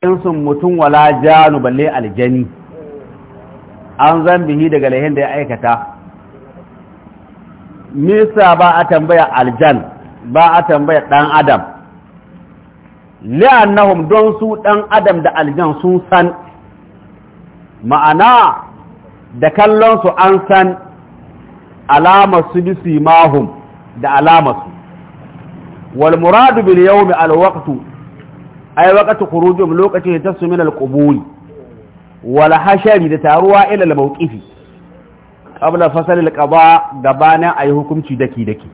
sun mutum wala janu balle aljani an zambihi daga lahin da ya aikata misa ba a tambaya aljan ba a tambaya ɗan adam li'annahum don su ɗan adam da aljan sun san ma'ana da kallon su an san alamar su bisimahum da alamar su wal muradu bil yawmi al waqtu ai waqtu khurujum lokacin da tasu min al-qubul wal hashari da taruwa ila al mawqifi qabla fasal al-qada gabanin ayi hukunci daki daki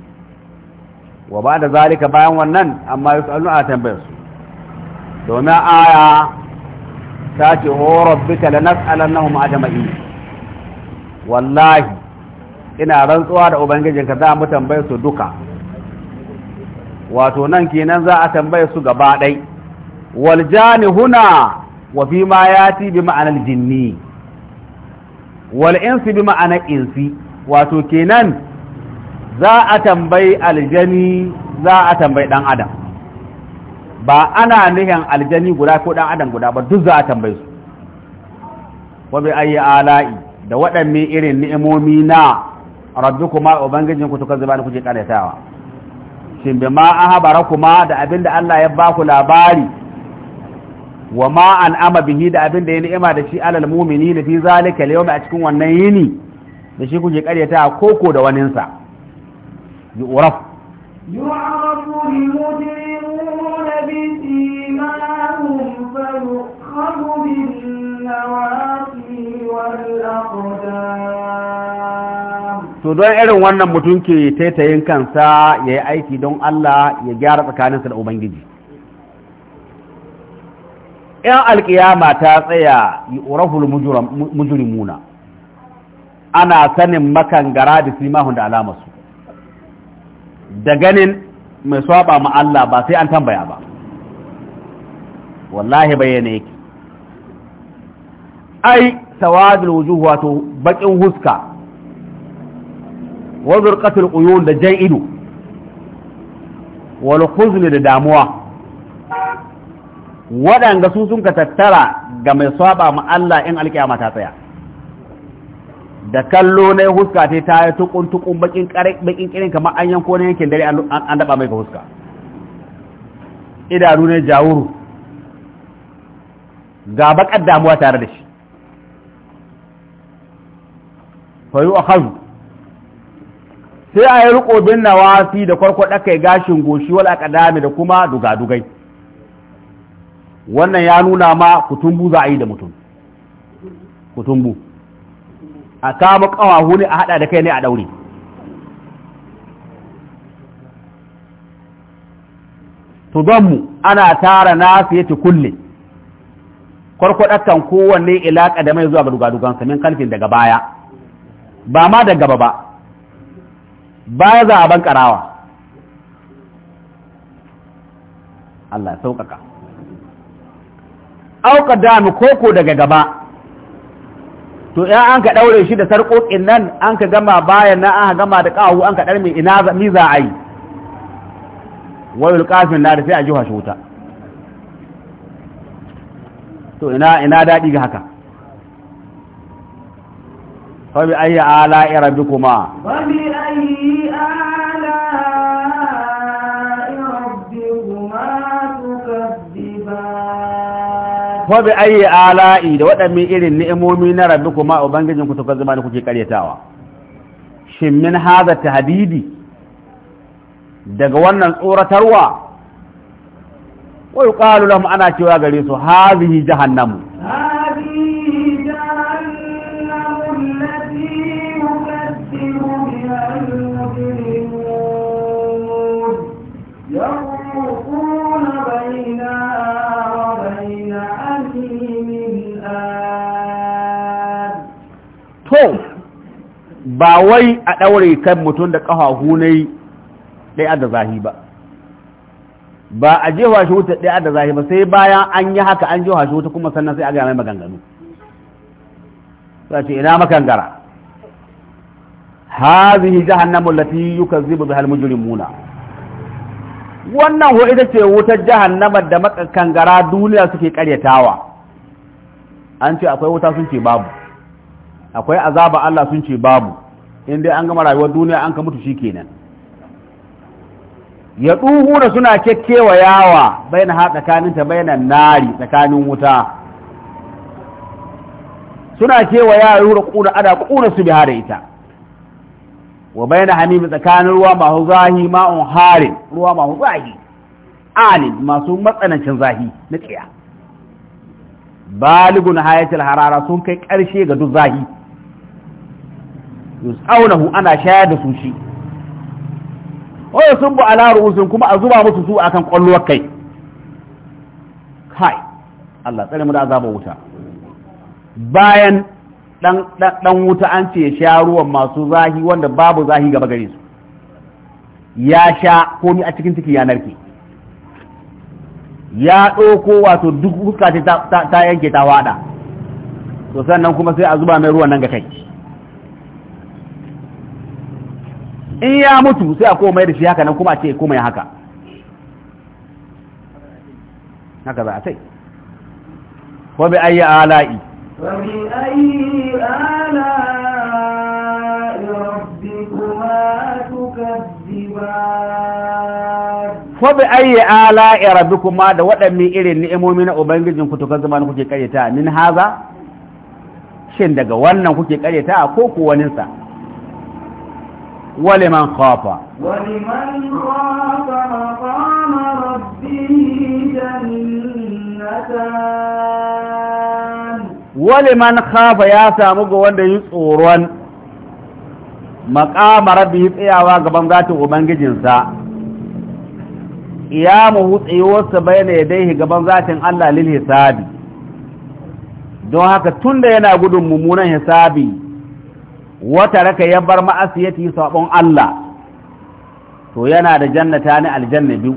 wa ba'da zalika bayan wannan amma yusallu a tambayar su domin aya ta ce ho rabbika lanas'alannahum ajma'in wallahi ina rantsuwa da ubangijinka za mu tambaye su duka wato nan kenan za a tambaye su gaba ɗaya waljani huna wa fi ma ya ti bi ma'anar jinni wal bi ma'anar insi wato kenan za a tambayi aljani za a tambayi dan adam ba ana nihin aljani guda ko dan adam guda ba duk za a tambayi su wa bi ayi ala'i da waɗanne irin ni'imomi na rabbi rabbikuma ubangijin ku tukar zuba ni kuje kanatawa shin bi ma ahabara kuma da abinda Allah ya baku labari wa ma an'ama bihi da abin da ya ni'ima da shi alal da fi zalika al a cikin wannan yini da shi kuke karyata koko da waninsa sa yu'raf yu'rafu to don irin wannan mutum ke taitayin kansa yayi aiki don Allah ya gyara tsakaninsa da ubangiji in alƙiyama ta tsaya yurahul muna, ana sanin makangara da simahun da alamarsu da ganin mai saɓa ma Allah ba sai an tambaya ba wallahi bayyana yake ai sawadul wujuh wato baƙin huska wa zurqatul uyun da jan ido wal khuzl da damuwa waɗanda su sun ka tattara ga mai saba ma Allah in alƙiyama ta tsaya da kallo na huska ta ta yi tukun tukun bakin kirin kamar an yanko na yankin dare an daba mai ga huska idanu ne jawuru ga bakar damuwa tare da shi fayu a hazu sai a yi riko bin nawasi da kwarkwada kai gashin goshi wala da kuma dugadugai wannan ya nuna ma kutumbu za a yi da mutum kutumbu a kama kawahu ne a hada da kai ne a daure tudammu ana tara nasiyati kulle kwarkwadattan kowanne ilaka da mai zuwa ga dugadugan samin kalfin daga baya ba ma da gaba ba baya za a ban karawa Allah ya sauƙaƙa auka dami koko daga gaba to ya an ka ɗaure shi da sarƙoƙin nan an ka gama bayan na an gama da ƙahu an ka ɗar mai ina mi za a yi wayul kafin na da sai a ji shi wuta to ina ina daɗi ga haka fa bi ayyi ala rabbikuma fa bi ayyi ko bi ayi ala'i da waɗannan irin ni'imomi na rabbi kuma ubangijin ku tukar zama da kuke karyatawa shin min hadha tahdidi daga wannan tsoratarwa wa yuqalu lahum ana cewa gare su hadhihi jahannamu Thank ba wai a ɗaure kan mutum da ƙafa hunai ɗaya da zahi ba ba a jewa shi wuta ɗaya da zahi ba sai bayan an yi haka an jewa shi wuta kuma sannan sai a gaya mai maganganu sai ina makangara hazihi jahannamu lati yukazzibu bihal mujrimuna wannan ho ita ce wutar jahannama da makangara duniya suke karyatawa an ce akwai wuta sun ce babu akwai azaba Allah sun ce babu in dai an gama rayuwar duniya an ka mutu shi kenan ya da suna kekkewa yawa bayan ha tsakaninta bayanan nari tsakanin wuta suna kewa yawa yura kuna ada kuna su biha da ita wa bayanan hamimi tsakanin ruwa masu zahi ma'un harin ruwa masu zahi alin masu matsanancin zahi na tsaya baligun hayatul harara sun kai karshe ga duk zahi yus'aunahu ana shayar da su shi sun bu ala ru'usin kuma a zuba musu su akan kwalluwar kai kai Allah tsare mu da azaba wuta bayan dan dan wuta an ce sha ruwan masu zahi wanda babu zahi gaba gare su ya sha komi a cikin ciki ya narke ya ɗauko wato duk fuska ta yanke ta wada to sannan kuma sai a zuba mai ruwan nan ga kai in ya mutu sai a koma da shi haka nan kuma a ce koma ya haka haka za a sai wa bi ayi ala'i wa bi ayi ala'i rabbikuma tukazziban fa bi ayi ala'i kuma da waɗannan irin ni'imomi na ubangijin ku zama kuke karyata min haza shin daga wannan kuke karyata ko ko waninsa Waliman خاف ya خاف مقام wanda yi tsoron maqama rabbi tsayawa gaban gatin ubangijinsa iyamu tsayuwarsa bayna yadayhi gaban zatin Allah lil hisabi don haka tunda yana gudun mummunan hisabi wata raka ya bar ma'asiyati sabon Allah to yana da jannata ne aljanna biyu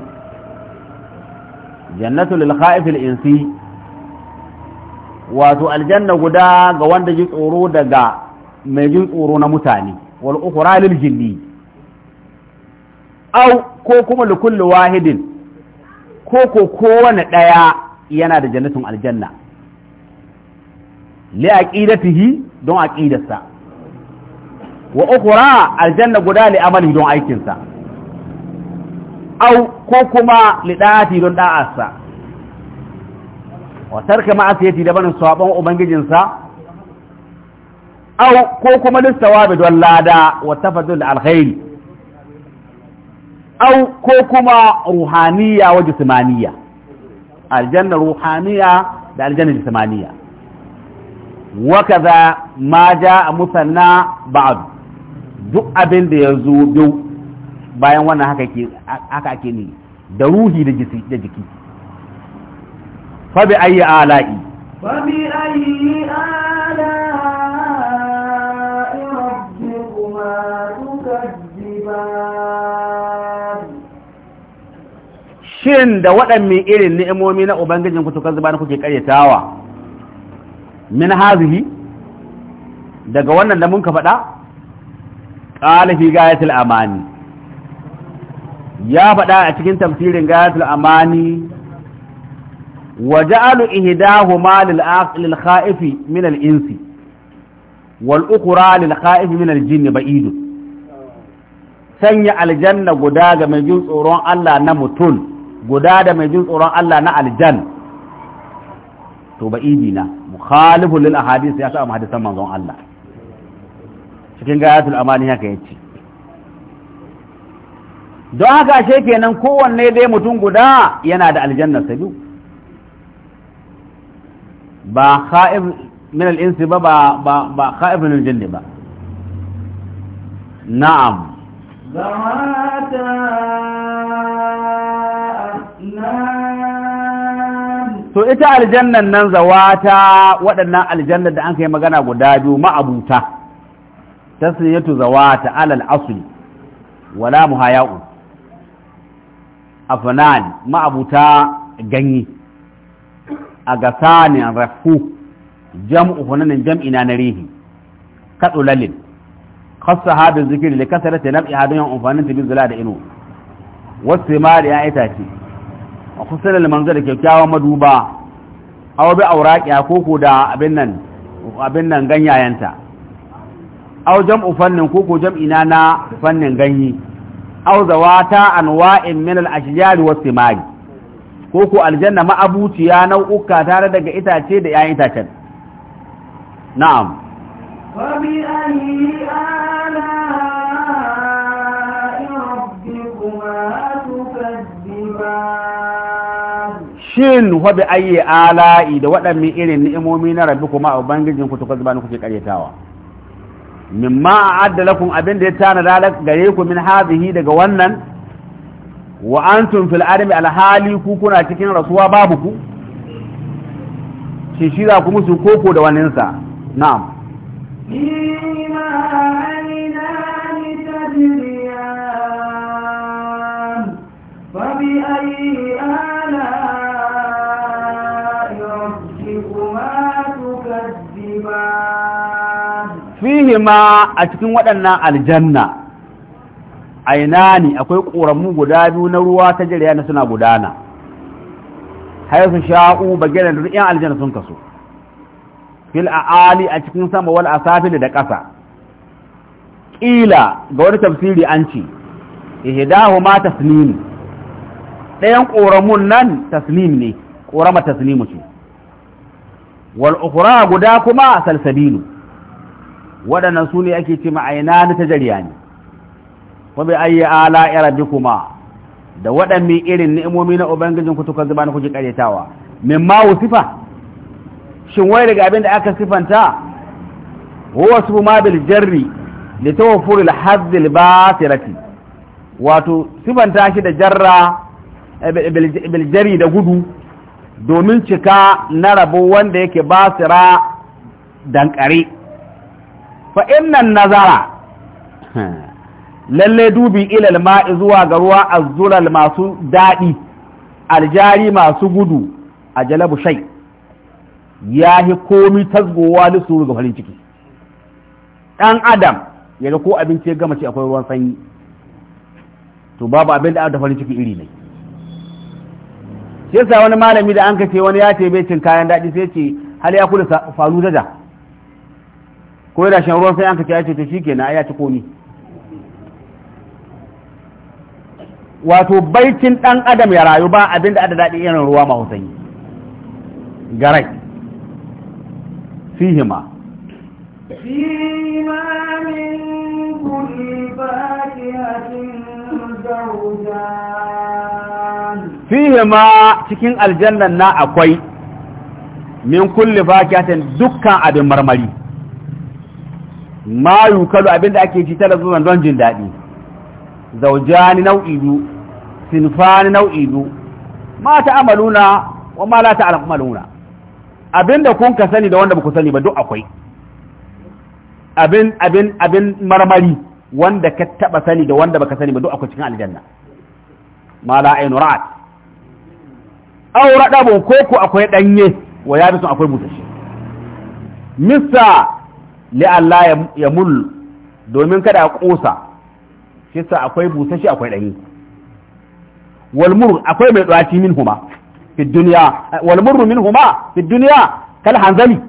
jannatu lil khaifil insi wato aljanna guda ga wanda ji tsoro daga mai ji tsoro na mutane wal ukhra lil jinni aw ko kuma li kulli wahidin ko ko kowane daya yana da jannatin aljanna li aqidatihi don aqidarsa wa ukura aljanna guda li amali don aikin sa au ko kuma li don da'arsa wa tarka ma'asiyati da banin sabon ubangijin sa au ko kuma li sawabi don lada wa tafadul alkhairi au ko kuma ruhaniya wa jismaniya aljanna ruhaniya da aljanna jismaniya وكذا ما جاء مثنى بعض duk abin da ya zo biyu bayan wannan haka ake ne da ruhi da jiki fabi ayi ala'i fabi ayi ala'i rabbikuma tukazziban shin da waɗanne irin ni'imomi na ubangijin ku na kuke karyatawa min hazihi daga wannan da mun ka faɗa qala fi amani ya faɗa a cikin tafsirin gayatul amani wa ja'alu ihdahuma lil aqil min al insi wal ukhra lil khaifi min al jinni ba'id sanya aljanna guda ga mai jin tsoron Allah na mutum guda da mai tsoron Allah na aljan to ya sa hadisan Allah cikin gayatul amani haka yace don haka ashe kenan kowanne dai mutum guda yana da aljanna sabu ba kha'ib min al-insi ba ba ba kha'ib min al jinn ba na'am zawata to ita aljannan nan zawata waɗannan aljannar da an kai magana guda biyu ma'abuta tasniyatu zawata alal asli wala muhaya'u afnan ma'abuta ganyi a gasani rafu jam'u hunanin jam'i na narihi kadulalin khassa hada zikiri li kasarati nab'i hadin amfanin tabi zula da inu wasu ma da ya itace a kusurar manzo da kyakkyawan maduba aw bi auraqiya koko da abin nan abin nan ganyayenta aw jam'u fannin ko ko jam'i na na fannin ganye aw zawata anwa'in min al-ashjari was thimari ko ko aljanna ma nau'uka tare daga itace da 'ya'yan itacen na'am bi shin wabi ayi ala'i da waɗannan irin ni'imomi na rabi kuma a ubangijin ku kuke karyatawa mimma a'adda lakum abin da ya tana da gare ku min hadhihi daga wannan wa antum fil al alhali ku kuna cikin rasuwa babu ku shi shi za ku musu koko da wannan sa na'am fihi ma a cikin waɗannan aljanna a ina ne akwai ƙoramu guda biyu na ruwa ta jirya na suna gudana haifu sha'u bagiran da yan aljanna sun kaso fil a'ali a cikin sama wal asafil da ƙasa ƙila ga wani tafsiri an ce ihdahu ma taslim ɗayan ƙoramun nan taslim ne ƙorama taslimu ce wal ukhra guda kuma salsabilu waɗannan su ne ake ce ma'aina na tajariya ne ko bai ayi ala kuma da waɗanne irin ni'imomi na ubangijin ku tuka zuba na kuke karyatawa min ma wusifa shin wai daga abin da aka sifanta huwa su ma bil jarri li tawaffur al hadd al basirati wato sifanta shi da jarra eh, bil jarri da gudu domin cika na rabo wanda yake basira dankare fa na nazara lalle dubi ilal ma'i zuwa ga ruwa azzulal masu daɗi aljari masu gudu a jalabu shai ya yi komi tasgowa lissuru ga farin ciki ɗan adam ya ko abinci ya gama ce akwai ruwan sanyi to babu abin da da farin ciki iri ne shi yasa wani malami da an kace wani ya ce bai cin kayan daɗi sai ce hal ya kula faru da ko da shan ruwan sai an ka ce to shikenan ya ci komi wato baitin dan adam ya rayu ba abinda ada daɗi irin ruwa ma sanyi garai fihima fihima من كل cikin aljannan na akwai min kulli fakihatin dukkan abin marmari ma kalu abinda ake ci tara zuwan don jin daɗi zaujani nau'i biyu sinfani nau'i biyu ma amaluna wa ma la amaluna abinda kun ka sani da wanda ba ku sani ba duk akwai abin abin abin marmari wanda ka taba sani da wanda baka sani ba duk akwai cikin aljanna ma la ainu ra'at aw radabun koko akwai danye wa yabisun akwai busashi mista Allah ya mul domin kada a kosa shi sa akwai busashi akwai ɗanyi walmur akwai mai ɗwaci min huma fi duniya walmurru min huma fi duniya kal hanzali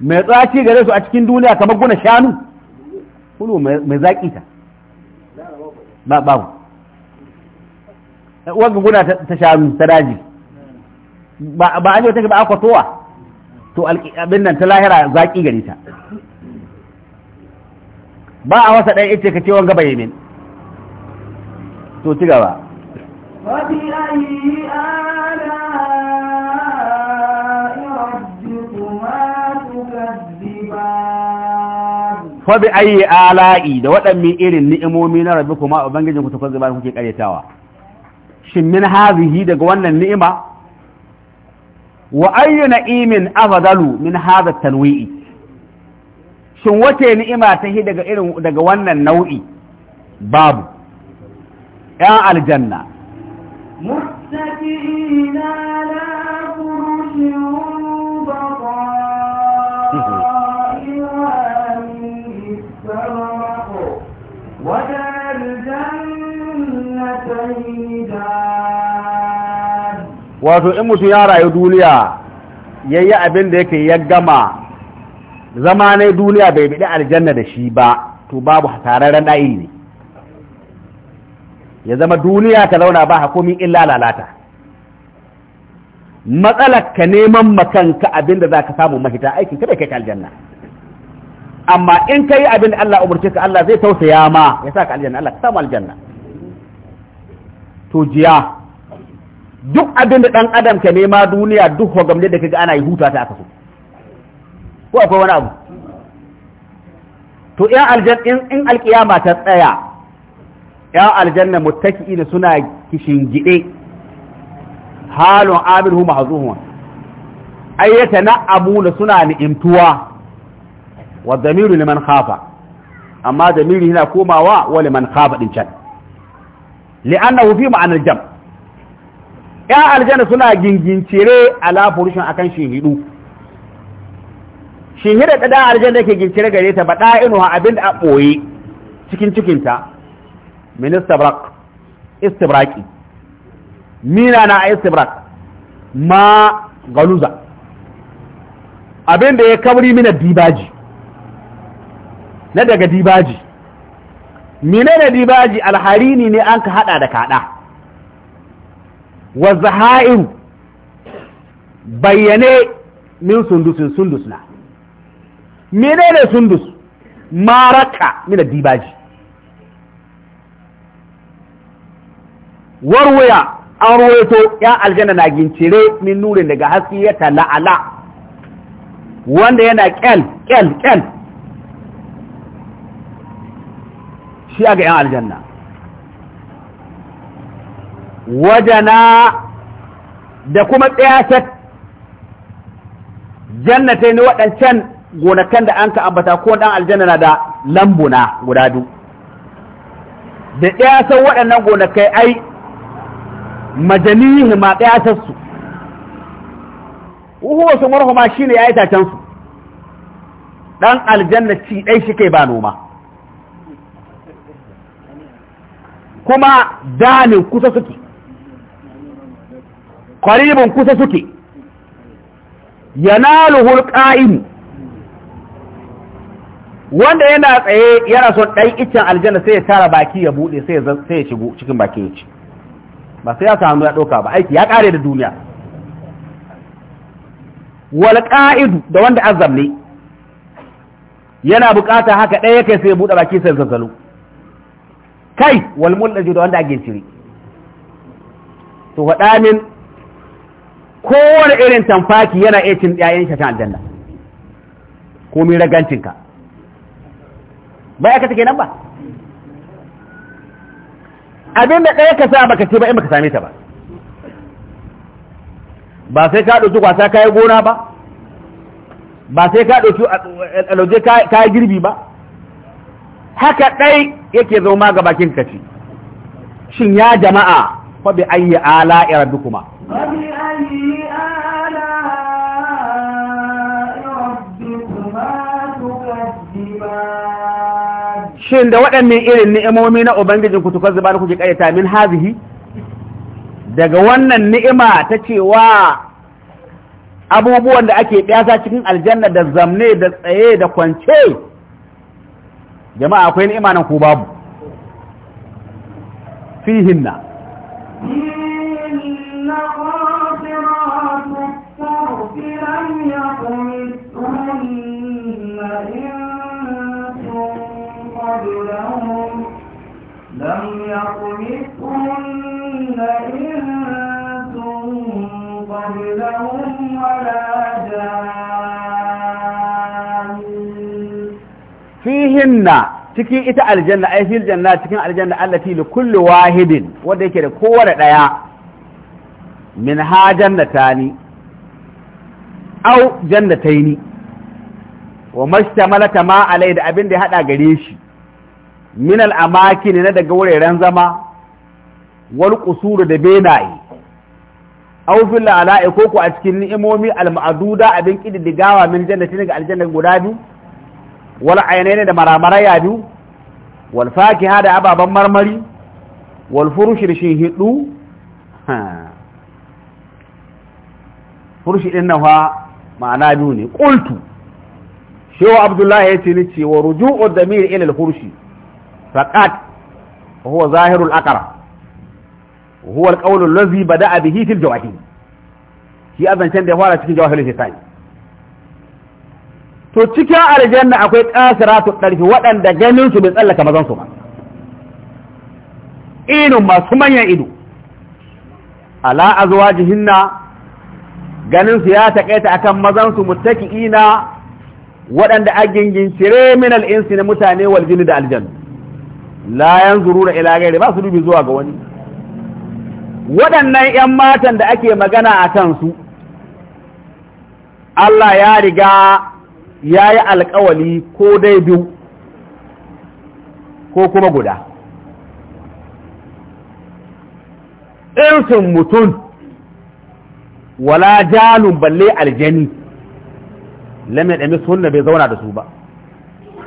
mai ɗwaci gare su a cikin duniya kamar guna shanu kulu mai zaƙi ta ba babu wanda guna ta shanu ta daji ba an yi take ba akwatowa to abin nan ta lahira zaki gari ta ba a wasa ɗan ice ka ce wanga bai min to ci gaba fabi ayi ala'i da waɗannan irin ni'imomi na Rabi kuma ubangijin ku ta kwanzu bayan kuke karyatawa shin min hazihi daga wannan ni'ima wa ayyu na'imin afdalu min hadha tanwi'i shin wace ni'ima ta hi daga irin daga wannan nau'i babu ya aljanna muttaqina wato in mutum ya rayu duniya ya yi abin da yake ya gama zama na duniya bai biɗi aljanna da shi ba to babu hasararren ɗa'i ne ya zama duniya ka zauna ba hakomin illa lalata matsalar ka neman makanka abin da za ka samu mahita aikin kada kai ka aljanna amma in ka yi abin da Allah umarce ka Allah zai tausaya ma ya sa ka aljanna Allah ka samu aljanna to jiya duk abin da ɗan adam ka nema duniya duk hogamle da kaga ana yi huta ta aka so ko akwai wani abu to ya aljan in in alkiyama ta tsaya ya aljanna muttaki'ina suna kishin gide halun abihu mahzuhun ayyata na abuna suna ni'imtuwa wa damiru liman khafa amma damiru yana komawa wa liman khafa din can li'annahu fi ma'anar jam' ya aljanna suna gingincire lafurushin a akan shehidu shehida da ɗan aljanna ke gincire gare ta bada inuwa abin da a ɓoye cikin cikinta minista brak istibraki mina na istibrak ma galuza abin da ya kamri mina dibaji na daga dibaji mina na dibaji alharini ne an ka hada da kada wa zaha'im bayyane min sundusin sundus na menene sundus maraka min dibaji warwaya an ruwaito ya aljanna na gincire min nurin daga haske ya tala'ala wanda yana kyal kyal kyal shi ga yan aljanna wajana da kuma tsayasar jannatai ne waɗancan gonakan da an ka ambata ko ɗan aljanna na da lambuna guda du. da tsayasar waɗannan gonakai ai majalihi ma tsayasarsu uhuwa su marhuma shi ne ya yi tacensu ɗan aljanna ci ɗai shi kai ba noma kuma danin kusa suke qaribun kusa suke yanaluhul qa'im wanda yana tsaye yana son ɗan iccen aljanna sai ya tara baki ya bude sai ya shigo cikin baki ya ci ba sai ya samu ya ɗauka ba aiki ya ƙare da duniya wal ƙa'idu da wanda azam yana buƙata haka ɗaya kai sai ya buɗe baki sai zazzalo kai wal mullaji da wanda a ginciri to faɗa min kowane irin tamfaki yana iya cin ɗayan shatan aljanna ko mai ragancinka bai aka ke nan ba abin da ɗaya ka sa baka ce ba in baka same ta ba ba sai ka ɗauki kwasa yi gona ba ba sai ka ɗauki alauje yi girbi ba haka ɗai yake zama ga bakin kaci shin ya jama'a fa bi ayyi ala'i rabbikuma kuma shin da waɗannan irin ni'imomi na ubangijin ku tukar zuba kuke ƙayyata min hazihi daga wannan ni'ima ta cewa abubuwan da ake ɗyasa cikin aljanna da zamne da tsaye da kwance jama'a akwai ni'ima nan ko babu fihinna لم يطمثهن إنس قبلهم ولا جان فيهن cikin ita aljanna ai fil janna cikin aljanna allati li kulli wahidin wanda yake da kowace daya min ha jannatani au jannataini wa mashtamalata ma alai da abin da ya hada gare shi min al'amaki ne na daga wuraren zama wal kusuru da benaye au fil ala'i ko ku a cikin ni'imomi al ma'duda abin kididdigawa min jannati daga aljanna guda biyu wal aynaini da ya biyu wal fakiha da ababan marmari wal furushi da hidu furushi din nan ma'ana biyu ne qultu shehu abdullahi ya ce ni ce wa ruju'u damir ila al furushi فقد هو ظاهر الأقرة وهو القول الذي بدأ به في الجواهر shi azancen da ya fara cikin jawahir lisan to cikin aljanna akwai kasiratu ɗarfi waɗanda ganin su bai tsallaka mazan su ba inu masu manyan ido ala azwajihinna ganin su ya takaita akan mazan su muttaki'ina waɗanda a gingincire min al-insi na mutane wal da aljanna layan zurura ila gairi ba su dubi zuwa ga wani waɗannan 'yan matan da ake magana a kansu Allah ya riga ya yi alkawali ko dai biyu ko kuma guda irsin mutum wala jalun balle aljani lam yadami sunna bai zauna da su ba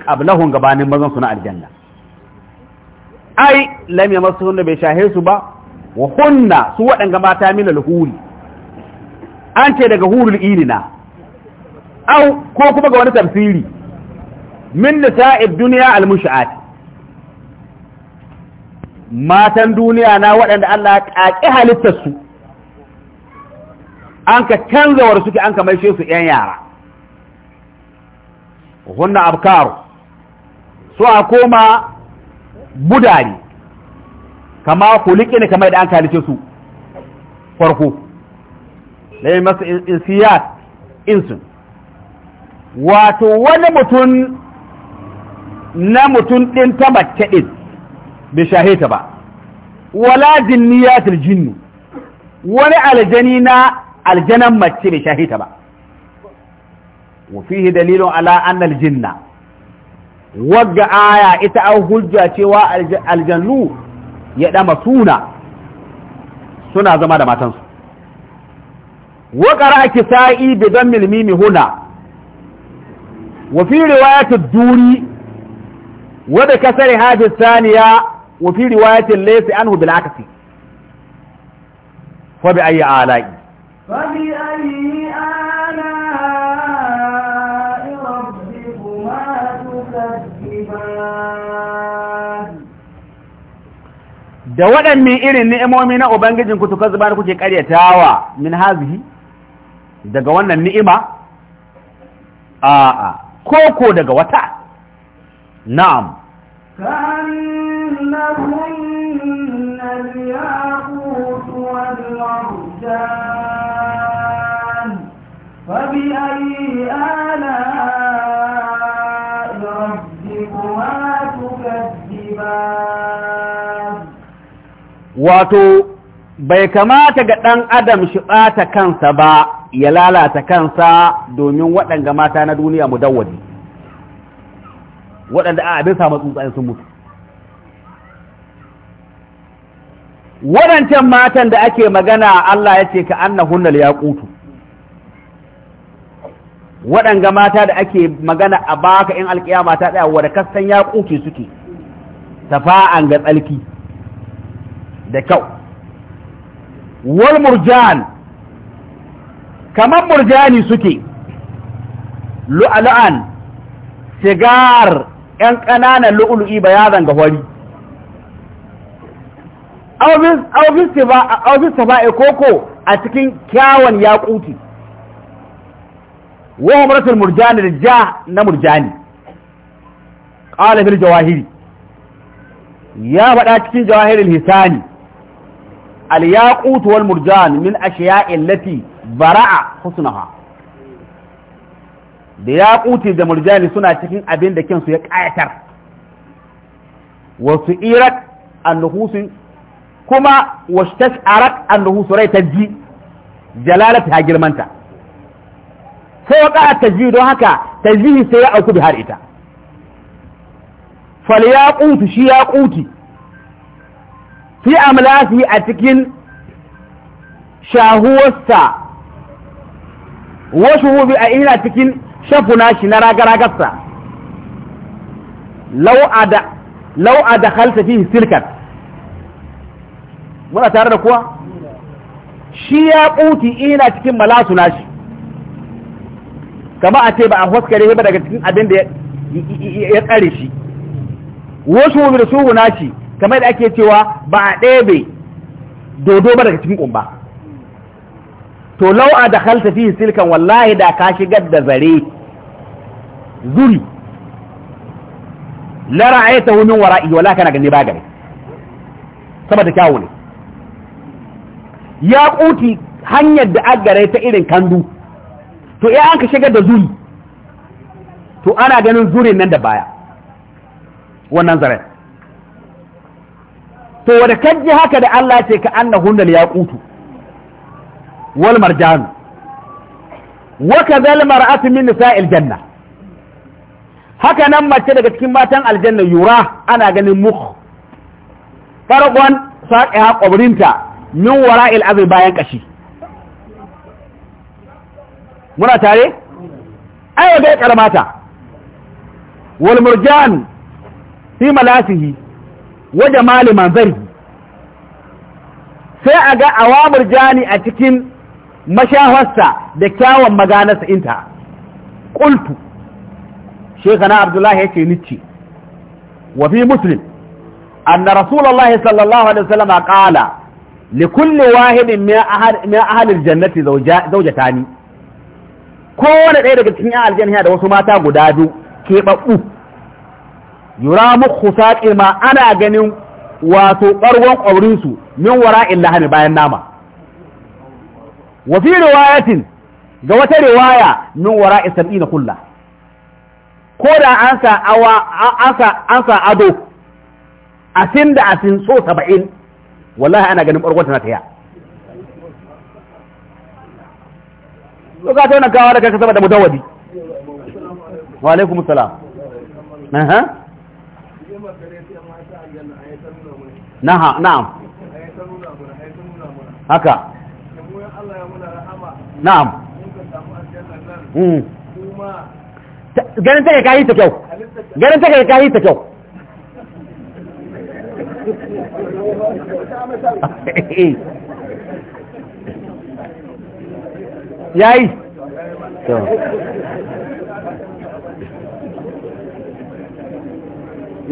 ƙablahun gabanin mazan suna aljanna ai lam yamassuhunna bai shahe su ba wa hunna su waɗanda mata min al an ce daga hurul ilina au ko kuma ga wani tafsiri min nisa'id dunya al musha'ati. matan duniya na waɗanda Allah ya ƙaƙi halittar su an ka canzawar suke an ka maishe su ƴan yara hunna abkaru su a koma buda ne kama kulike ne kamar da an kalice su farko da yi masa insiyat insun wato wani mutum na mutum ɗin ta mace ɗin bai shaheta ba wala jinniyatul jinnu wani aljani na aljanan mace bai shaheta ba wa fihi dalilun ala annal jinna wagga aya ita an hujja cewa aljannu ya dama suna suna zama da matansu وقرأ كسائي بضم الميم هنا وفي رواية الدوري وبكسر هذه الثانية وفي رواية ليس عنه بالعكس فبأي آلاء فبأي da waɗannan irin ni'imomi na ubangijin ku tuka zubar kuke karyatawa min hazihi daga wannan ni'ima a'a koko daga wata na'am فبأي آلاء ربكما تكذبان wato bai kamata ga ɗan adam shi ɓata kansa ba ya lalata kansa domin waɗanga mata na duniya mu dawwadi waɗanda a abin samu tsuntsayen sun mutu waɗancan matan da ake magana Allah ya ce ka ya kutu waɗanga mata da ake magana a baka in alƙiyama ta ɗaya wadda kasan yaƙuki suke an ga tsalki da kyau wal murjan kamar murjani suke lu'alu'an sigar ‘yan ƙananan lu'ulu'i ba ya zanga hori aubista ba a koko a cikin kyawun yaƙuti wahon rasul murjani da ja na murjani ƙalafin jawahiri ya faɗa cikin jawahirin hisani al-yaqut wal murjan min ashiya'i allati bara'a husnaha da yaquti da murjani suna cikin abin da kinsu ya kayatar wasu irat annuhusu kuma washtash'arat annuhusu rai tajji jalalata girmanta sai taji tajji don haka tajji sai ya auku bi ita fal yaqutu shi yaquti fi amlasi a cikin shahuwarsa wasu hubi a ina cikin shafuna shi na ragaragarsa lau a da halta fi silkat muna tare da kuwa shi ya ɓuti ina cikin malasu nashi kama a ce ba a huskare ba daga cikin abin da ya tsare shi wasu hubi da suhu nashi kamar da ake cewa ba a ɗebe dodo ba daga cikin ƙumba to lau'a da halta fi silkan wallahi da ka shigar da zare zuri la ra'aytahu min wara'i laka kana gani ba gare saboda kyawu ne ya kuti hanyar da agare ta irin kandu to ya an ka shigar da zuri to ana ganin zurin nan da baya wannan zaren to da ji haka da Allah ce ka annahunnal yaqutu wal marjan wa kadhal mar'atu min nisa'il janna haka nan mace daga cikin matan aljanna yura ana ganin mukh farqan saqiha qabrinta min wara'il azri bayan kashi muna tare ai ga karmata wal murjan fi malasihi waje maliman zargi sai a ga awamur jani a cikin mashawarsa da kyawun maganarsa inta ƙultu shekana abdullahi yake nice wa ana muslim anna rasulullahi sallallahu alaihi wasallam qala li kulli wahidin min ahli aljannati zawjatani kowane ɗaya daga cikin aljanna da wasu mata guda biyu keɓaɓɓu yura muku ma ana ganin wato ɓargon ƙwarinsu min wara illahani bayan nama wafi fi riwayatin ga wata riwaya min wara isar'i na kulla ko da an sa awa an sa ado asin da asin so saba'in wallahi ana ganin ɓargon na taya lokacin na kawo da kaka saboda mutawadi wa alaikum salam Na na'am haka na'am hmm. ganin take kayi ta kyau ganin take kayi ta kyau yayi to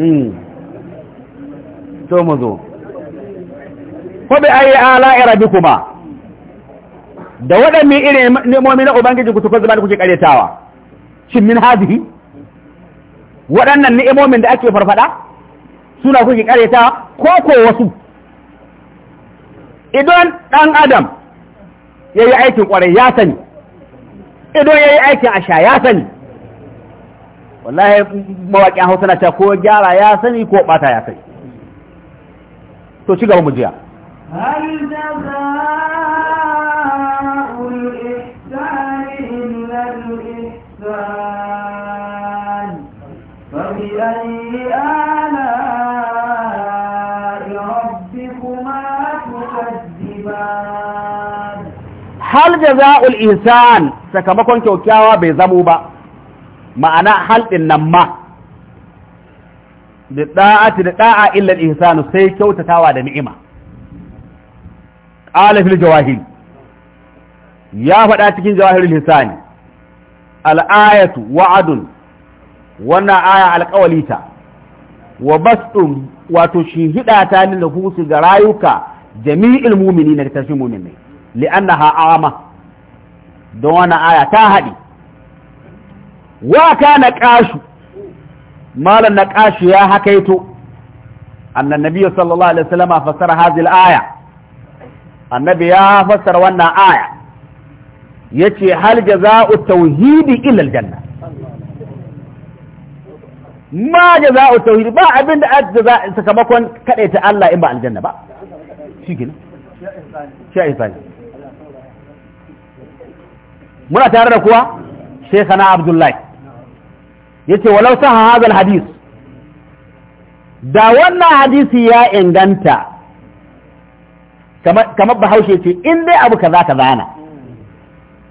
mm to mu zo ko bi ayi ala rabbikuma da waɗanne irin nemomi na ubangiji ku tukar zuba da kuke karetawa shin min hadihi waɗannan ni'imomin da ake farfada suna kuke karetawa ko ko wasu idan dan adam ya yi aikin kware ya sani idan ya yi aikin asha ya sani wallahi mawaƙin hausa na ta ko gyara ya sani ko bata ya sani to ci gaba هل جزاء الإحسان إلا الإحسان فبأي آلاء ربكما تكذبان هل جزاء الإنسان سكبكم كوكاوا بزموبا ma'ana hal ɗin nan ma da da'ati da da'a illa ihsanu sai kyautatawa da ni'ima qala fil jawahir ya faɗa cikin jawahirul hisani al-ayatu wa'adun wannan aya ta, wa bastum wato shi hida ta ni lahusu ga rayuka jami'il mumini na tashin muminai li'annaha ama don wannan aya ta haɗi wa kana ƙashu malam na kashi ya hakaito annan nabi sallallahu alaihi wasallam fassara hadhihi al-aya annabi ya fassara wannan aya yace hal jazaa'u tauhidi illa al-janna ma jaza'u tauhid ba abinda sakamakon kadaita Allah in ba aljanna ba shikenan shi muna tare da kuwa shekana abdullahi yace walau saha hadha alhadith da wannan hadisi ya inganta kamar bahaushe ce in dai abu ka za ka zana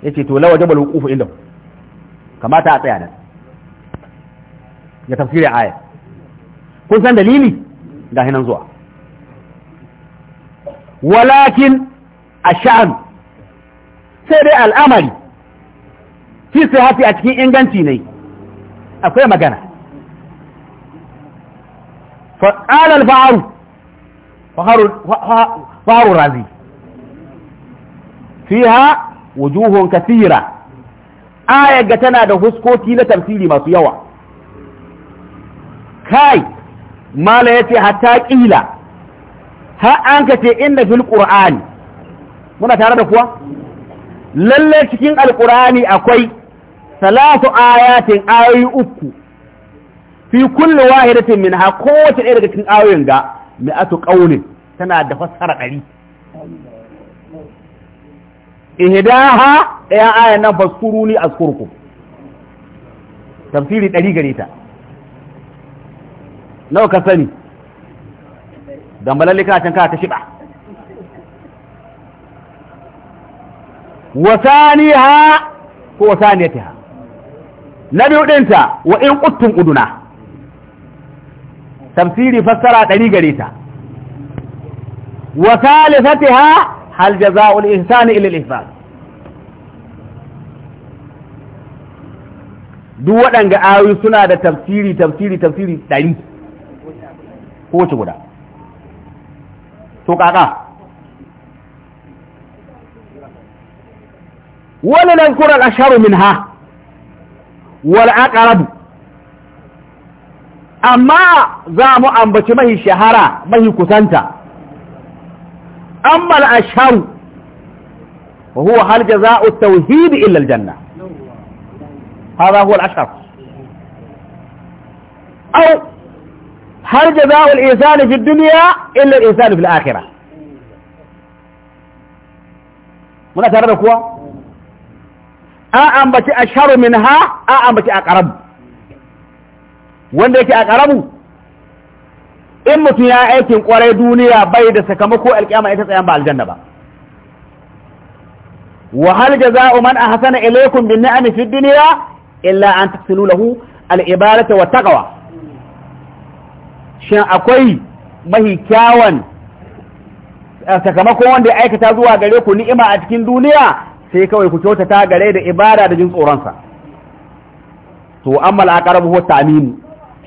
yace to lawa jabal wuqufu inda kamata a tsaya nan ya tafsiri aya kun san dalili ga hinan zuwa walakin a sha'an sai dai al'amari fi hafi a cikin inganci ne akwai magana fa'ala al-faru razi fiha wujuhun kathira aya ga tana da huskoki na tafsiri masu yawa kai mala yace hatta kila ha an ka ce inna fil qur'ani muna tare da kuwa lalle cikin alqur'ani akwai salatu ayatin ayoyi uku fi kulli wahidatin min ha kowace ɗaya daga cikin ayoyin ga mi'atu ƙaunin tana da fassara ɗari ihdaha ya aya na faskuruni azkurku tafsiri ɗari gare ta nawa ka sani dambalalle ka can ka ta shiba wasaniha ko wasaniyatiha na biyu ɗinta wa in ƙuttun uduna tafsiri fassara ɗari gare ta wa salifatiha hal jaza'ul ihsani ila al-ihsan duk waɗanga ayoyi suna da tafsiri tafsiri tafsiri ɗari ko wace guda to kaka wani nan kuran asharu min ha والأقرب أما زامو أنبتي بشمه الشهرة به كسانتا أما الأشهر وهو هل جزاء التوحيد إلا الجنة هذا هو الأشهر أو هل جزاء الإنسان في الدنيا إلا الإنسان في الآخرة هنا ترى الأخوة an a asharu min ha an ambaci a ƙaramu. wanda yake a ƙaramu, in mutum ya aikin ƙwarai duniya bai da sakamako alƙiyama ita tsayan ba aljanna ba wa hal jaza'u man ahsana ilaykum bin ni'ami fi dunya illa an tasilu lahu al ibadatu taqwa shin akwai mahi kyawan eh, sakamakon wanda ya aikata zuwa gare ku ni'ima a cikin duniya sai kawai ku kyautata gare da ibada da jin tsoronsa to amma al-aqrabu huwa ta'mim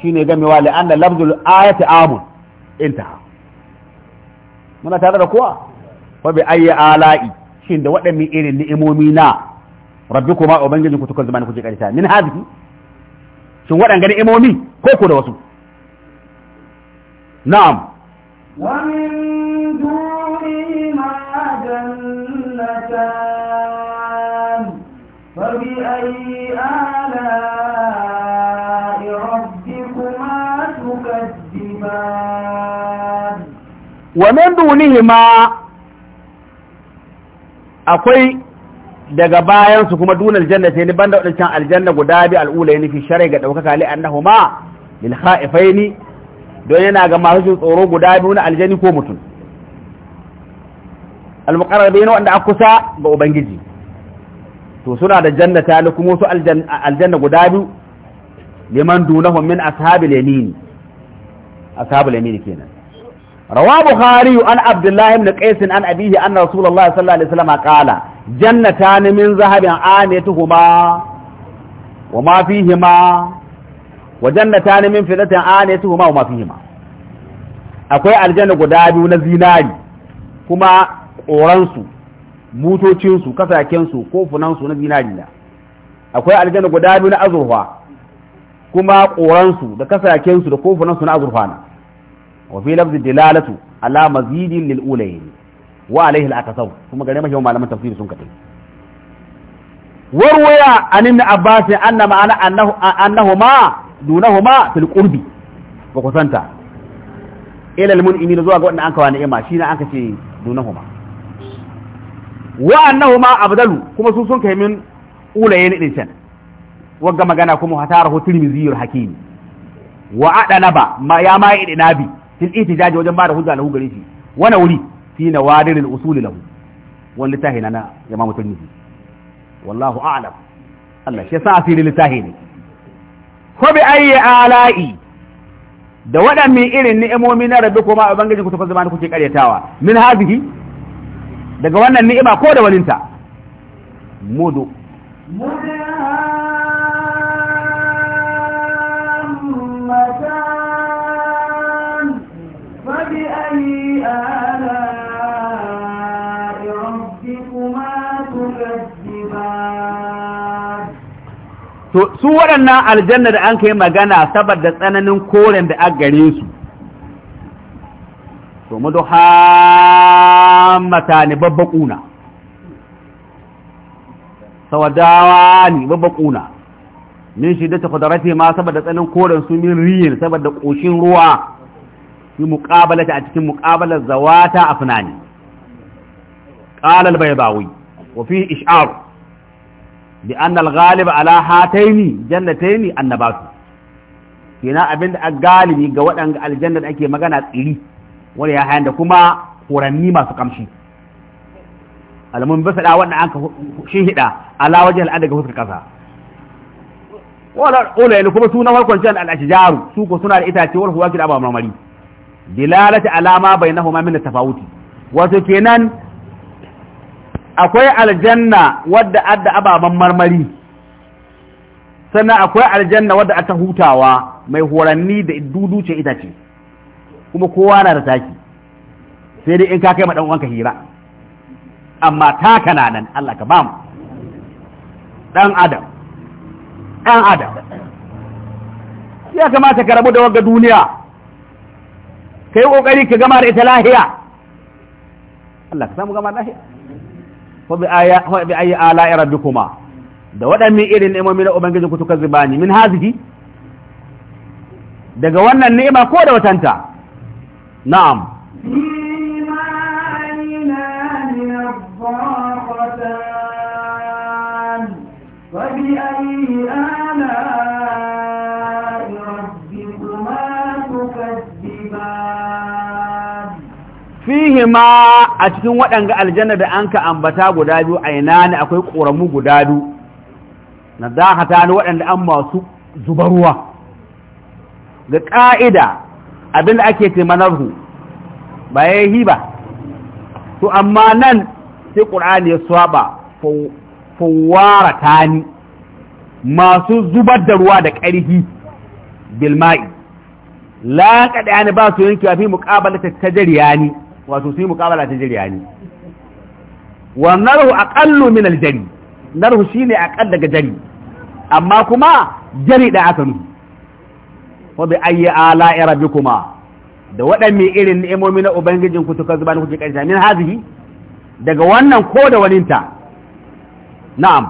shine gamewa li anna lafzul ayati amun inta. muna tare da kowa fa bi ayyi ala'i shin da waɗannan irin ni'imomi na rabbikuma ubangijin ku tukar zamani kuke karita min hadhihi shin waɗanga ni'imomi ko ko da wasu na'am wa min wa min dunihima akwai daga bayan su kuma dunal jannati ne banda wadancan aljanna guda bi al'ulaini fi shar'i ga daukaka li annahuma lil khaifaini don yana ga masu tsoro guda biyu na aljani ko mutum al-muqarrabin wanda a kusa ga ubangiji to suna da jannata ne kuma su aljanna guda biyu liman dunahum min ashabil yamin ashabul yamin kenan rawa bukhari an abdullahi ibn qais an abihi anna rasulullahi sallallahu alaihi wasallam qala jannatan min zahabin anatuhuma wa ma fihima wa jannatan min fidatin anatuhuma wa ma fihima akwai aljanna guda biyu na zinari kuma koransu mutocinsu kasakensu kofunansu na zinari na akwai aljanna guda biyu na azurfa kuma su da su da kofunansu na azurfa na wa fi lafzi dilalatu ala mazidin lil ulayn wa alayhi al akasaw kuma gare mashi malaman tafsir sun kace warwaya an ibn abbas anna ma'ana annahu annahuma dunahuma fil qurbi wa kusanta ila zuwa ga wanda an kawo ni'ima shine an kace dunahuma wa annahuma abdalu kuma su sun kai min ulayen din can wagga magana kuma hatarahu tirmidhi al hakim wa ba ma ya ma fil itijaji wajen ba da hujja na gare shi wani wuri fi nawadir al usul lahu wani littafi na na ya imam tirmidhi wallahu a'lam Allah shi ya yasa asiri littafi ne ko bi ayyi ala'i da waɗannan irin ni'imomi na rabi ko ma ubangiji ku tafi zama kuke karyatawa min hazihi daga wannan ni'ima ko da walinta mudu mudu to su waɗannan aljanna da an kai magana saboda tsananin koren da aka gare su to mu hammata ne babba ƙuna sawadawa ne babba ƙuna min shi da ta kudarati ma saboda tsananin koren su min riyin saboda ƙoshin ruwa fi muƙabalata a cikin muƙabalar zawata a funani ƙalal bai bawi wa fi ish'aru bi annal ghalib ala hataini jannataini annabatu Kina abinda a galibi ga waɗanda aljanna da ake magana tsiri Wani ya hayan da kuma horanni masu kamshi alamun bisa da wannan an ka shihida ala wajen al'ada ga fuskar kasa wala ulayen kuma suna farkon jan al'ashijaru su ko suna da itace wal huwa kida ba marmari dilalati alama bainahuma min tafawuti wato kenan akwai aljanna wadda adda ababen marmari sannan akwai aljanna wadda aka hutawa mai horanni da dudu ce ita ce kuma kowa na da taki sai dai in ka kai ma dan uwanka hira amma taka na nan Allah ka bamu dan adam dan adam ya kamata ka rabu da wanga duniya kai kokari ka gama da ita lahiya Allah ka samu gama lahiya fa bi ayi ala da waɗannan irin ni'imomi na ubangiji ku zuba ni min hazihi daga wannan ni'ima ko da watanta na'am ma a cikin waɗanga aljanna da an ka ambata guda biyu a ina ne akwai ƙoramu guda biyu na za zahata ni waɗanda an masu zubarwa ga ƙa'ida abin da ake ce manarhu ba ya yi ba to amma nan sai ƙur'ani ya swaba fawara tani masu zubar da ruwa da ƙarfi bilma'i la kaɗa ni ba su yanki a fi muƙabalar ta jariya ni wato su yi muƙabala ta jirya ne wa narhu aqallu min jari narhu shine aqall daga jari amma kuma jari da aka nufi wa bi ayyi ala'i rabbikuma da waɗanne irin ni'imomi na ubangijin ku tuka zuba kuke karshe min hazihi daga wannan ko da waninta na'am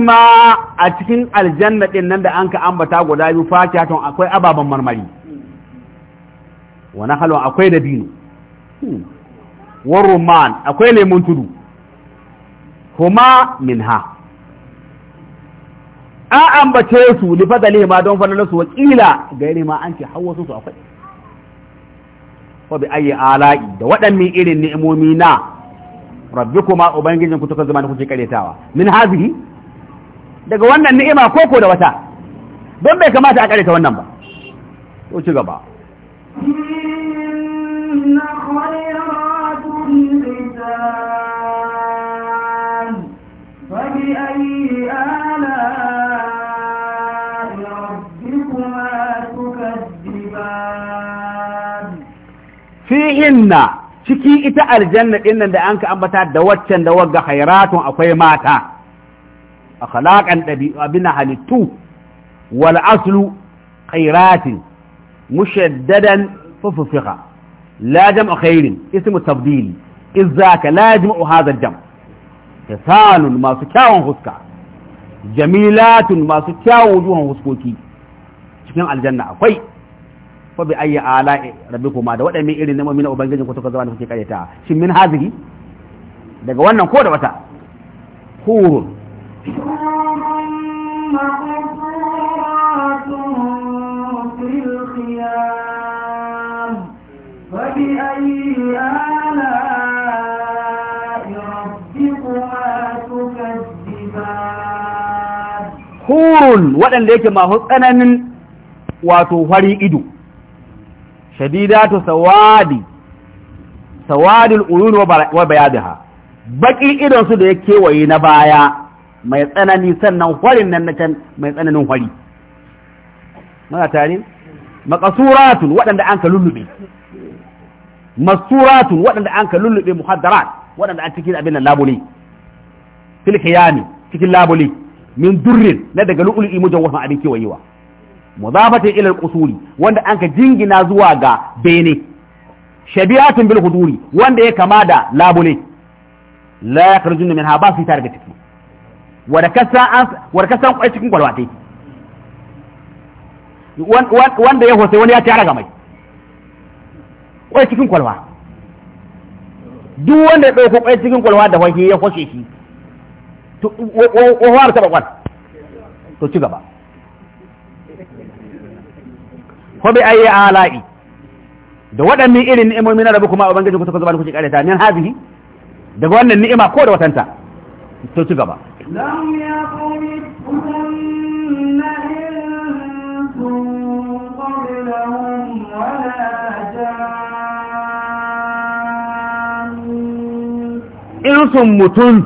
ma a cikin aljanna ɗin nan da an ka ambata guda biyu fakihatun akwai ababen marmari wani halon akwai dabino hmm. wa roman akwai lemun tudu kuma minha an ambace su lifa da ma don fana su wakila ga ma an ce hawa su akwai fa bi ayi ala'i da waɗannan irin ni'imomi na rabbikuma ubangijinku tuka zama da kuke karetawa min hazihi daga wannan ni'ima koko da wata don bai kamata a ta wannan ba to ci gaba fihinna ciki ita aljanna ɗin nan da an ka ambata da waccan da wagga hairatun akwai mata akhlaqan dabi'u bina halittu wal aslu khairatin mushaddadan fufufiqa la jam'u khairin ismu tabdil izaka la jam'u hadha al jam' hisalun masu kyawun huska jamilatun masu kyawun wujuhan huskoki cikin aljanna akwai fa bi ayyi ala'i rabbikuma da wadanne irin namomi na ubangijin ku suka zama da kuke karyata shin min hazihi daga wannan ko da wata hurun مقصورات في الخيام فبأي آلاء ربكما تكذبان هورن tsananin wato fari ido ta sawadi sawadin uyun wa bayadaha baki idon su da ya kewaye na baya mai tsanani sannan hwarin nan na can mai tsananin hwari muna tare maqasuratun waɗanda an ka lullube masuratun waɗanda an ka lullube muhaddarat waɗanda an cikin abin labule fil khiyami cikin labule min durrin na daga lu'ul'i mujawwafin abin kewayewa mudafatin ila al-qusuri wanda an ka jingina zuwa ga bene shabiatun bil huduri wanda ya kama da labule la yakhrujun minha ba su tare daga ciki wadda ka san kwai cikin kwalwate wanda ya hose wani ya tara ga mai kwai cikin kwalwa duk wanda ya ɗauko kwai cikin kwalwa da hwaje ya hoshe shi wahawar taɓa kwan to ci gaba hobi ayi ala'i da waɗannan irin ni'imomi na rabu kuma ubangiji ku suka zuba da kuke kareta min hazihi daga wannan ni'ima ko da watanta to ci gaba لم يكن مثلهن إنس قبلهم ولا جان إنس متن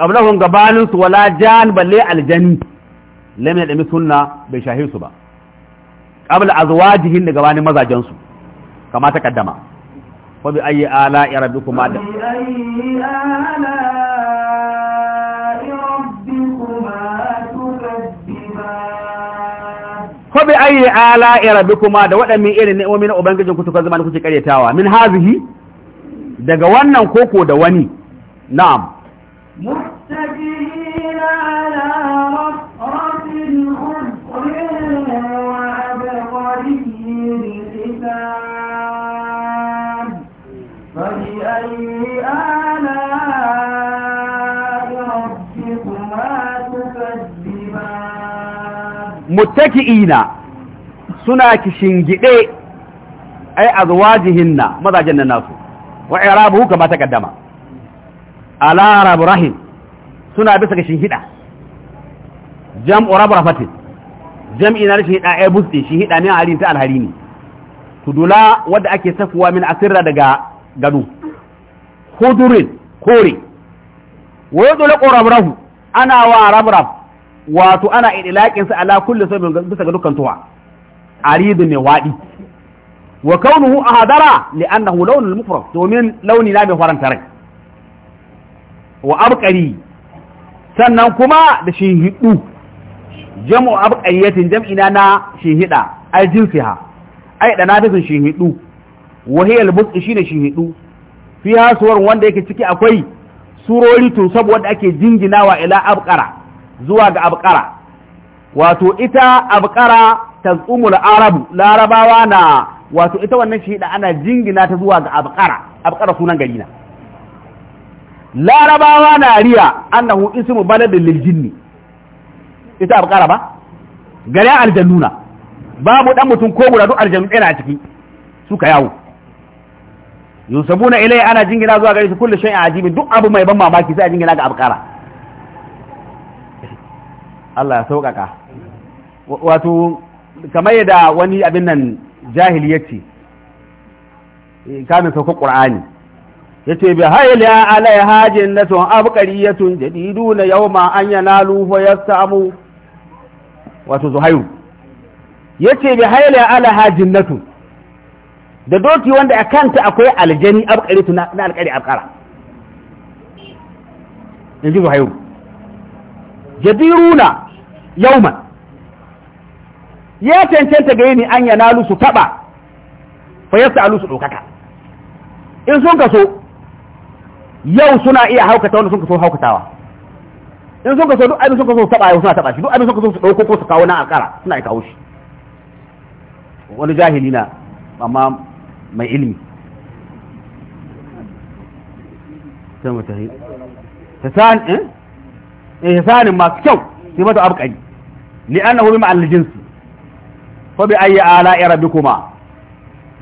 قبلهم gabaninsu wala jan balle aljani lamina ya dami sunna bai shahe su ba a zuwa azwajihin da gabanin mazajen su kama ta kaddama Ko bi ayi ala rabbikuma da bi ayi ala fa bi ayi ala'i rabbikuma da waɗannan irin ni'imomin ubangijin ku tukan zaman kuke karyatawa min hazihi daga wannan koko da wani na'am mustajina ala rabbin khudrin wa abqariyyin muttaki'ina suna kishingide ai azwajihinna mazajen nan nasu wa irabuhu kama kaddama. ala rabrahim suna bisa ga shinhida jam'u rabrafatin jam'i na shinhida ai busti shinhida ne halin ta alharini tudula wadda ake safuwa min asirra daga gado hudurin kore wa yudula rabrahu ana wa rabrab wato ana idilakin sa ala kulli sabin bisa ga dukkan tuwa aridun ne wadi wa kaunuhu ahadara li'annahu al mufrad domin launi na mai faranta rai wa abqari sannan kuma da shi shihidu jam'u abqariyatin jam'i na na hida ai jinsiha ai dana da shihidu wa hiya al ne shine shihidu fiha suwar wanda yake ciki akwai surori to saboda ake jinginawa ila abqara zuwa ga abqara wato ita abqara tazumul arabu larabawa na wato ita wannan shida ana jingina ta zuwa ga abqara abqara sunan gari na larabawa na riya annahu ismu baladin lil jinni ita abqara ba gari aljannuna babu dan mutum ko guda duk aljannu ɗaya na ciki suka yawo yusabuna ilai ana jingina zuwa gare shi kullu shay'in ajibin duk abu mai ban mamaki sai a jingina ga abqara Allah ya sauƙaƙa wato kamar yadda wani abin nan jahili ya ce eh, kamin sauƙa ƙur'ani ya ce bi haili ya alai hajin na tun abukari ya tun jadidu na yau ma an yana lufa ya samu wato zuhairu ya ce bi haili ya alai hajin na tun da doki wanda a kanta akwai aljani tun na alƙari abkara in ji zuhairu jadiruna yauman ya cancanta ga yini an yana lusu taba fa yas'alu su dokaka in sun kaso yau suna iya haukata wanda sun kaso haukatawa in sun kaso duk abin sun kaso taba yau suna taba shi duk abin sun kaso su dauko ko su kawo na alkara suna iya kawo shi wani jahili na amma mai ilimi sai mutane ta san eh ihsanin masu kyau sai mata abqari li'annahu bima al-jinsi fa bi ayyi ala'i rabbikuma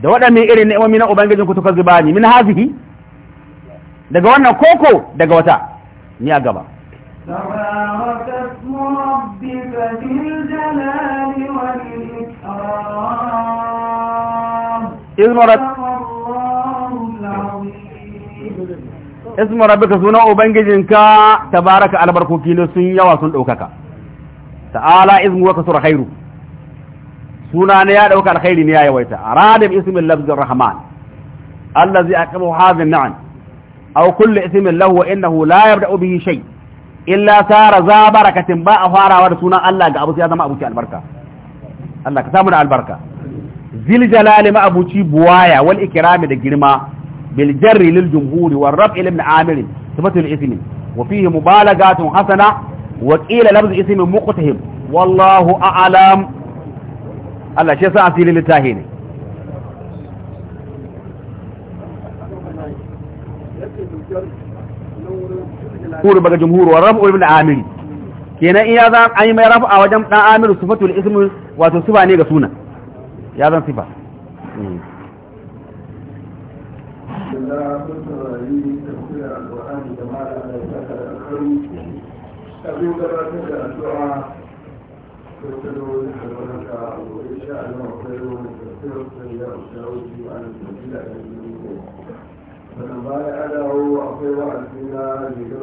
da waɗannan irin ni'imomi na ubangijin ku tuka zubani min hazihi daga wannan koko daga wata ni a gaba ismu rabbika sunan ubangijinka tabaraka albarkoki ne sun yawa sun ɗaukaka ta'ala ismu wa kasura khairu suna ne ya ɗauka alkhairi ne ya yawaita aradam ismin lafzin rahman allazi aqamu hadhin na'am aw kullu ismin lahu wa innahu la yabda'u bihi shay illa sara za barakatin ba a farawa da sunan Allah ga abu sai ya zama abuci albarka Allah ka samu da albarka zil jalali ma abuci buwaya wal ikrami da girma بالجر للجمهور والرفع لابن عامر صفة الاسم وفيه مبالغات حسنة وقيل لفظ اسم مقتهم والله أعلم الله شيء سأسيل للتاهين قول بقى جمهور والرفع لابن عامر كينا in ya zan an yi mai rafa a wajen ɗan amiru sifatul ismi wato sifa alhamdulillah kun da tafsirin alƙur'ani da mara da ya saka da alƙari kafin gabatar da addu'a تذكروا